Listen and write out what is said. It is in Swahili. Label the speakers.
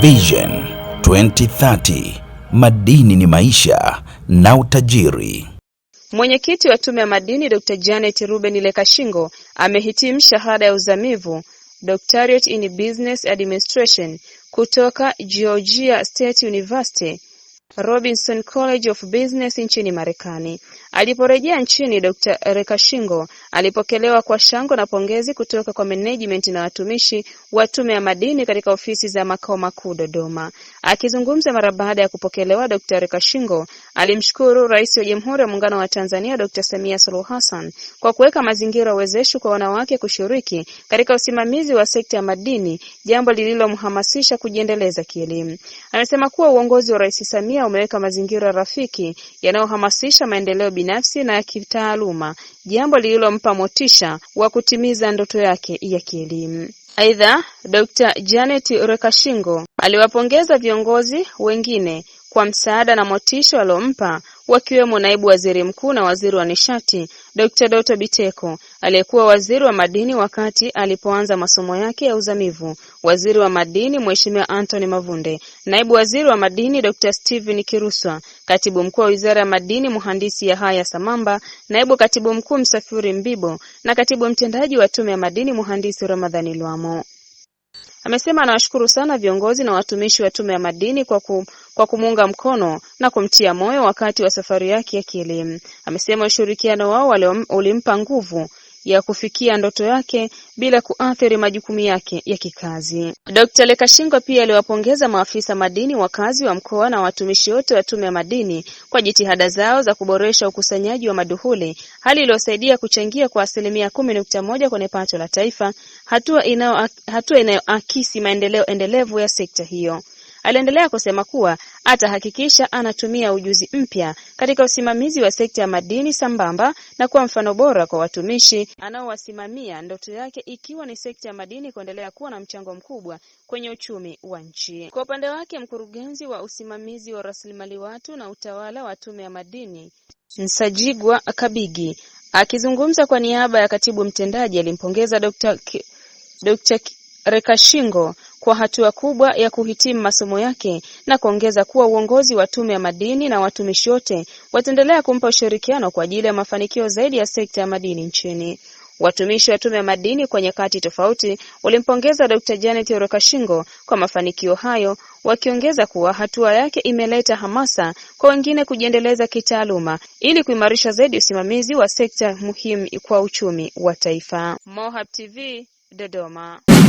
Speaker 1: Vision 2030 madini ni maisha na utajiri.
Speaker 2: Mwenyekiti wa Tume ya Madini Dr. Janet Ruben Lekashingo amehitimu shahada ya uzamivu Doctorate in Business Administration kutoka Georgia State University Robinson College of Business nchini Marekani. Aliporejea nchini Dr. Rekashingo alipokelewa kwa shangwe na pongezi kutoka kwa management na watumishi wa Tume ya Madini katika ofisi za makao makuu Dodoma. Akizungumza mara baada ya kupokelewa, Dr. Rekashingo alimshukuru Rais wa Jamhuri ya Muungano wa Tanzania Dr. Samia Suluhu Hassan kwa kuweka mazingira wezeshi kwa wanawake kushiriki katika usimamizi wa sekta ya madini, jambo lililomhamasisha kujiendeleza kielimu. Amesema kuwa uongozi wa Rais Samia Tanzania umeweka mazingira rafiki yanayohamasisha maendeleo binafsi na ya kitaaluma, jambo lililompa motisha wa kutimiza ndoto yake ya kielimu. Aidha, Dr. Janet Rekashingo aliwapongeza viongozi wengine kwa msaada na motisha waliompa wakiwemo naibu waziri mkuu na waziri wa nishati Dr. Doto Biteko aliyekuwa waziri wa madini wakati alipoanza masomo yake ya uzamivu, waziri wa madini Mheshimiwa Anthony Mavunde, naibu waziri wa madini Dr. Steven Kiruswa, katibu mkuu wa wizara ya madini Mhandisi Yahaya Samamba, naibu katibu mkuu Msafiri Mbibo na katibu mtendaji wa tume ya madini Mhandisi Ramadhani Lwamo. Amesema anawashukuru sana viongozi na watumishi wa Tume ya Madini kwa, ku, kwa kumuunga mkono na kumtia moyo wakati wa safari yake ya kielimu. Amesema ushirikiano wao ulimpa nguvu ya kufikia ndoto yake bila kuathiri majukumu yake ya kikazi. Dr. Lekashingo pia aliwapongeza maafisa madini wakazi wa mkoa na watumishi wote wa Tume ya Madini kwa jitihada zao za kuboresha ukusanyaji wa maduhuli, hali iliyosaidia kuchangia kwa asilimia kumi nukta moja kwenye pato la taifa, hatua inayoakisi maendeleo endelevu ya sekta hiyo. Aliendelea kusema kuwa atahakikisha anatumia ujuzi mpya katika usimamizi wa sekta ya madini sambamba na kuwa mfano bora kwa watumishi anaowasimamia, ndoto yake ikiwa ni sekta ya madini kuendelea kuwa na mchango mkubwa kwenye uchumi wa nchi. Kwa upande wake, mkurugenzi wa usimamizi wa rasilimali watu na utawala wa Tume ya Madini Nsajigwa Kabigi akizungumza kwa niaba ya katibu mtendaji alimpongeza Dr. Rekashingo kwa hatua kubwa ya kuhitimu masomo yake na kuongeza kuwa uongozi wa Tume ya Madini na watumishi wote wataendelea kumpa ushirikiano kwa ajili ya mafanikio zaidi ya sekta ya madini nchini. Watumishi wa Tume ya Madini kwa nyakati tofauti walimpongeza d Janet Orokashingo kwa mafanikio hayo, wakiongeza kuwa hatua yake imeleta hamasa kwa wengine kujiendeleza kitaaluma ili kuimarisha zaidi usimamizi wa sekta muhimu kwa uchumi wa taifa.
Speaker 3: Mohab TV, Dodoma.